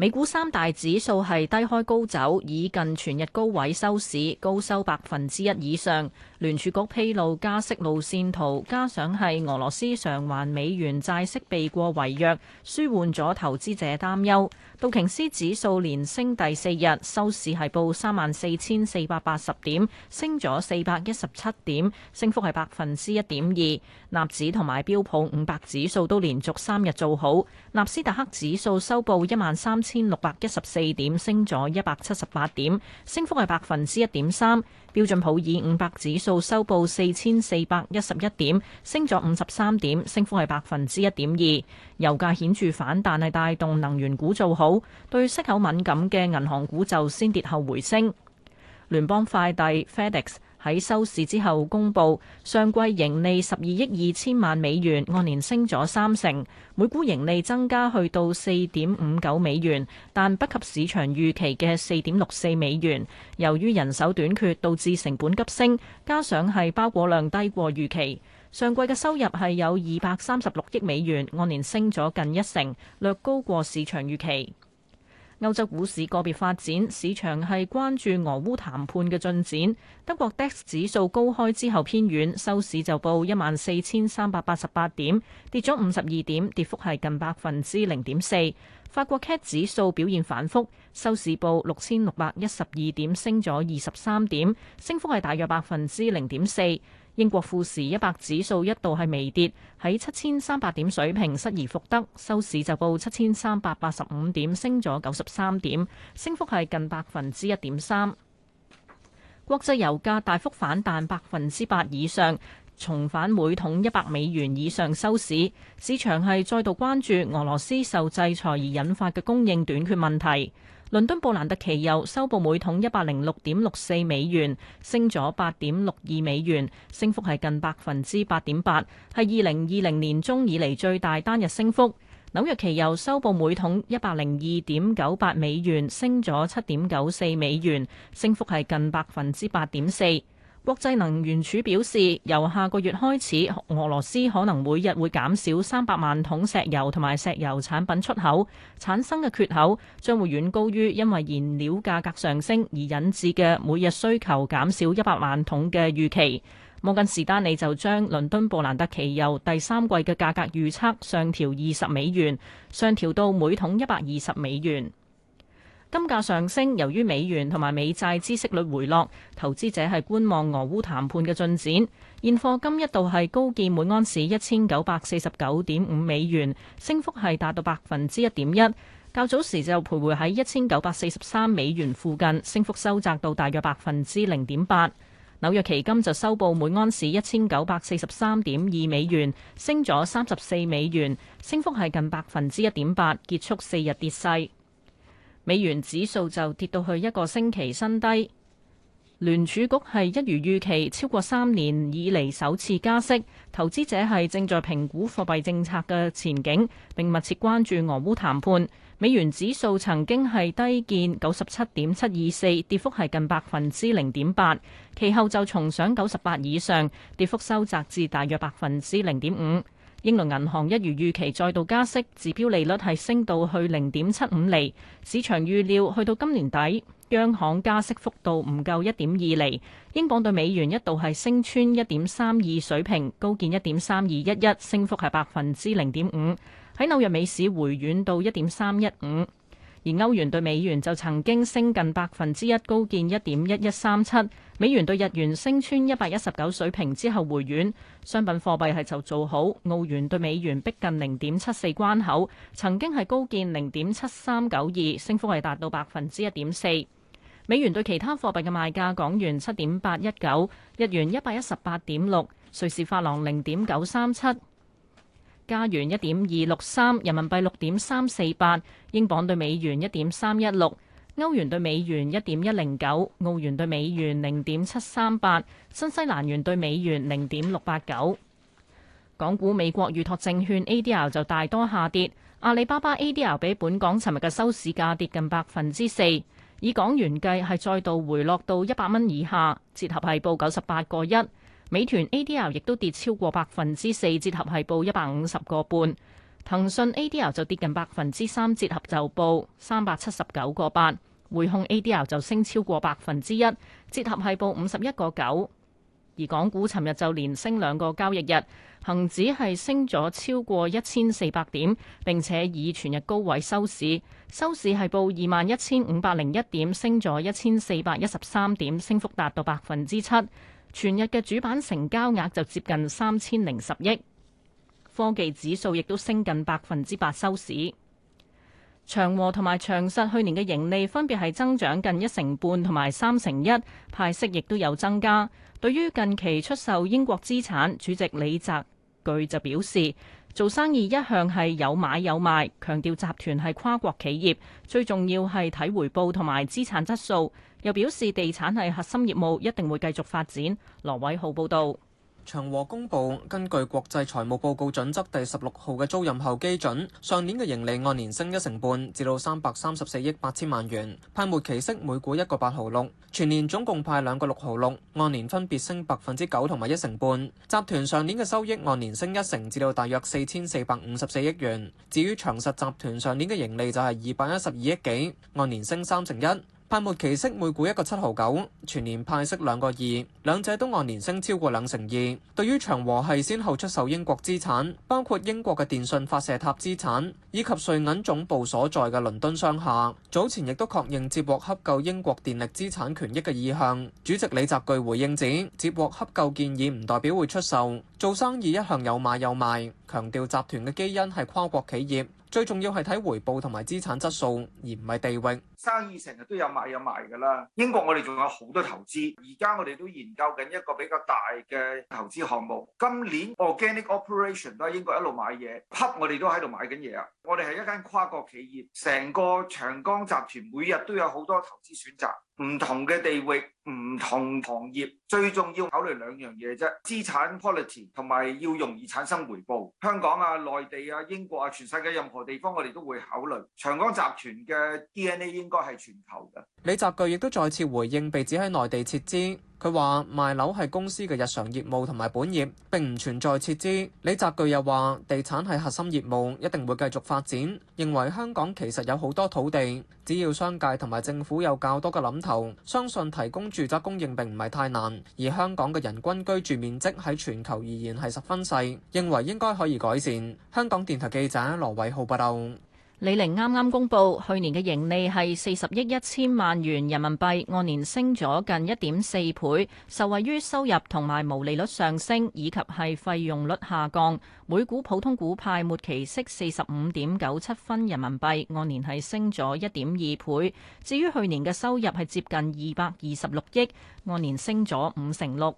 美股三大指數係低開高走，以近全日高位收市，高收百分之一以上。聯儲局披露加息路線圖，加上係俄羅斯償還美元債息避過違約，舒緩咗投資者擔憂。道瓊斯指數連升第四日，收市係報三萬四千四百八十點，升咗四百一十七點，升幅係百分之一點二。納指同埋標普五百指數都連續三日做好，納斯達克指數收報一萬三千千六百一十四點，升咗一百七十八點，升幅係百分之一點三。標準普爾五百指數收報四千四百一十一點，升咗五十三點，升幅係百分之一點二。油價顯著反彈，係帶動能源股做好，對息口敏感嘅銀行股就先跌後回升。聯邦快遞 FedEx。喺收市之後公佈，上季盈利十二億二千萬美元，按年升咗三成，每股盈利增加去到四點五九美元，但不及市場預期嘅四點六四美元。由於人手短缺，導致成本急升，加上係包裹量低過預期，上季嘅收入係有二百三十六億美元，按年升咗近一成，略高過市場預期。歐洲股市個別發展，市場係關注俄烏談判嘅進展。德國 DAX 指數高開之後偏軟，收市就報一萬四千三百八十八點，跌咗五十二點，跌幅係近百分之零點四。法國 CAC 指數表現反覆，收市報六千六百一十二點，升咗二十三點，升幅係大約百分之零點四。英國富時一百指數一度係微跌，喺七千三百點水平失而復得，收市就報七千三百八十五點，升咗九十三點，升幅係近百分之一點三。國際油價大幅反彈百分之八以上，重返每桶一百美元以上收市。市場係再度關注俄羅斯受制裁而引發嘅供應短缺問題。倫敦布蘭特期油收報每桶一百零六點六四美元，升咗八點六二美元，升幅係近百分之八點八，係二零二零年中以嚟最大單日升幅。紐約期油收報每桶一百零二點九八美元，升咗七點九四美元，升幅係近百分之八點四。國際能源署表示，由下個月開始，俄羅斯可能每日會減少三百萬桶石油同埋石油產品出口，產生嘅缺口將會遠高於因為燃料價格上升而引致嘅每日需求減少一百萬桶嘅預期。摩根士丹利就將倫敦布蘭特期油第三季嘅價格預測上調二十美元，上調到每桶一百二十美元。金價上升，由於美元同埋美債孳息率回落，投資者係觀望俄烏談判嘅進展。現貨金一度係高見每盎士一千九百四十九點五美元，升幅係達到百分之一點一。較早時就徘徊喺一千九百四十三美元附近，升幅收窄到大約百分之零點八。紐約期金就收報每盎士一千九百四十三點二美元，升咗三十四美元，升幅係近百分之一點八，結束四日跌勢。美元指數就跌到去一個星期新低，聯儲局係一如預期超過三年以嚟首次加息，投資者係正在評估貨幣政策嘅前景，並密切關注俄烏談判。美元指數曾經係低見九十七點七二四，跌幅係近百分之零點八，其後就重上九十八以上，跌幅收窄至大約百分之零點五。英倫銀行一如預期再度加息，指標利率係升到去零點七五厘。市場預料去到今年底，央行加息幅度唔夠一點二厘。英鎊對美元一度係升穿一點三二水平，高見一點三二一一，升幅係百分之零點五。喺紐約美市回軟到一點三一五，而歐元對美元就曾經升近百分之一，高見一點一一三七。美元對日元升穿一百一十九水平之後回軟，商品貨幣係就做好。澳元對美元逼近零點七四關口，曾經係高見零點七三九二，升幅係達到百分之一點四。美元對其他貨幣嘅賣價：港元七點八一九，日元一百一十八點六，瑞士法郎零點九三七，加元一點二六三，人民幣六點三四八，英鎊對美元一點三一六。歐元對美元一點一零九，澳元對美元零點七三八，新西蘭元對美元零點六八九。港股美國預託證券 A D R 就大多下跌，阿里巴巴 A D R 比本港尋日嘅收市價跌近百分之四，以港元計係再度回落到一百蚊以下，折合係報九十八個一。美團 A D R 亦都跌超過百分之四，折合係報一百五十個半。騰訊 A D R 就跌近百分之三，折合就報三百七十九個八。匯控 ADR 就升超過百分之一，折合係報五十一個九。而港股尋日就連升兩個交易日，恒指係升咗超過一千四百點，並且以全日高位收市，收市係報二萬一千五百零一點，升咗一千四百一十三點，升幅達到百分之七。全日嘅主板成交額就接近三千零十億。科技指數亦都升近百分之八收市。長和同埋長實去年嘅盈利分別係增長近一成半同埋三成一，派息亦都有增加。對於近期出售英國資產，主席李澤钜就表示，做生意一向係有買有賣，強調集團係跨國企業，最重要係睇回報同埋資產質素，又表示地產係核心業務，一定會繼續發展。羅偉浩報道。長和公布，根據國際財務報告準則第十六號嘅租賃後基準，上年嘅盈利按年升一成半，至到三百三十四億八千萬元，派末期息每股一個八毫六，全年總共派兩個六毫六，按年分別升百分之九同埋一成半。集團上年嘅收益按年升一成，至到大約四千四百五十四億元。至於長實集團上年嘅盈利就係二百一十二億幾，按年升三成一。派末期息每股一個七毫九，全年派息兩個二，兩者都按年升超過兩成二。對於長和系先後出售英國資產，包括英國嘅電信發射塔資產以及瑞銀總部所在嘅倫敦商廈，早前亦都確認接獲洽購英國電力資產權益嘅意向。主席李澤鉅回應指，接獲洽購建議唔代表會出售。做生意一向有買有賣，強調集團嘅基因係跨國企業，最重要係睇回報同埋資產質素，而唔係地域。生意成日都有買有賣㗎啦。英國我哋仲有好多投資，而家我哋都研究緊一個比較大嘅投資項目。今年 Organic operation 都喺英國一路買嘢，Hub 我哋都喺度買緊嘢啊。我哋係一間跨國企業，成個長江集團每日都有好多投資選擇。唔同嘅地域、唔同行業，最重要考慮兩樣嘢啫，資產 quality 同埋要容易產生回報。香港啊、內地啊、英國啊、全世界任何地方，我哋都會考慮。長江集團嘅 DNA 應該係全球嘅。李澤鉅亦都再次回應被指喺內地撤資。佢話賣樓係公司嘅日常業務同埋本業，並唔存在撤資。李澤鉅又話，地產係核心業務，一定會繼續發展。認為香港其實有好多土地，只要商界同埋政府有較多嘅諗頭，相信提供住宅供應並唔係太難。而香港嘅人均居住面積喺全球而言係十分細，認為應該可以改善。香港電台記者羅偉浩報道。李寧啱啱公布去年嘅盈利係四十億一千萬元人民幣，按年升咗近一點四倍，受惠於收入同埋毛利率上升，以及係費用率下降。每股普通股派末期息四十五點九七分人民幣，按年係升咗一點二倍。至於去年嘅收入係接近二百二十六億，按年升咗五成六。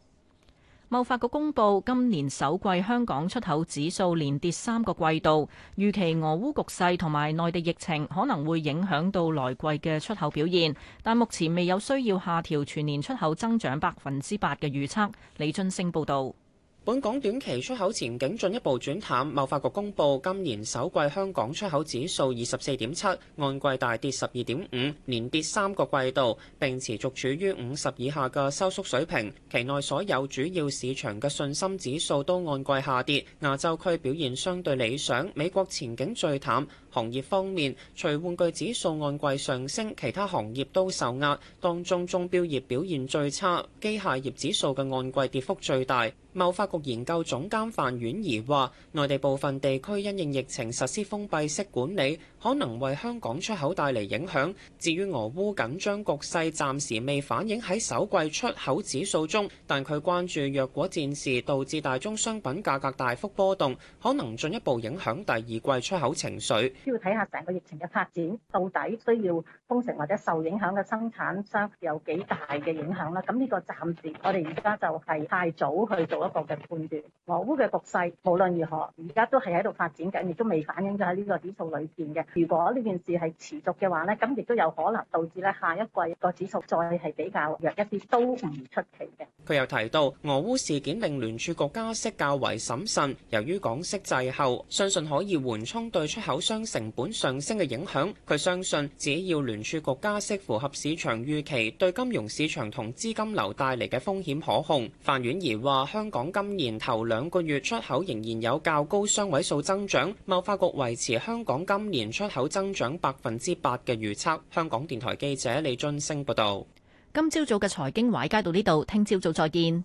貿發局公布今年首季香港出口指數連跌三個季度，預期俄烏局勢同埋內地疫情可能會影響到來季嘅出口表現，但目前未有需要下調全年出口增長百分之八嘅預測。李俊升報道。本港短期出口前景進一步轉淡。貿發局公布今年首季香港出口指數二十四點七，按季大跌十二點五，連跌三個季度，並持續處於五十以下嘅收縮水平。期內所有主要市場嘅信心指數都按季下跌，亞洲區表現相對理想，美國前景最淡。行業方面，除玩具指數按季上升，其他行業都受壓，當中鐘錶業表現最差，機械業指數嘅按季跌幅最大。貿發局研究總監范婉儀話，內地部分地區因應疫情實施封閉式管理，可能為香港出口帶嚟影響。至於俄烏緊張局勢暫時未反映喺首季出口指數中，但佢關注若果戰事導致大宗商品價格大幅波動，可能進一步影響第二季出口情緒，都要睇下成個疫情嘅發展，到底需要封城或者受影響嘅生產商有幾大嘅影響啦。咁呢個暫時我哋而家就係太早去做。一個嘅判斷，俄烏嘅局勢無論如何，而家都係喺度發展緊，亦都未反映咗喺呢個指數裏邊嘅。如果呢件事係持續嘅話咧，咁亦都有可能導致咧下一季個指數再係比較弱一啲，都唔出奇嘅。佢又提到，俄烏事件令聯儲局加息較為審慎，由於港息滯後，相信可以緩衝對出口商成本上升嘅影響。佢相信只要聯儲局加息符合市場預期，對金融市場同資金流帶嚟嘅風險可控。范婉儀話香香港今年頭兩個月出口仍然有較高雙位數增長，貿發局維持香港今年出口增長百分之八嘅預測。香港電台記者李津升報道。今朝早嘅財經華爾街到呢度，聽朝早，早再見。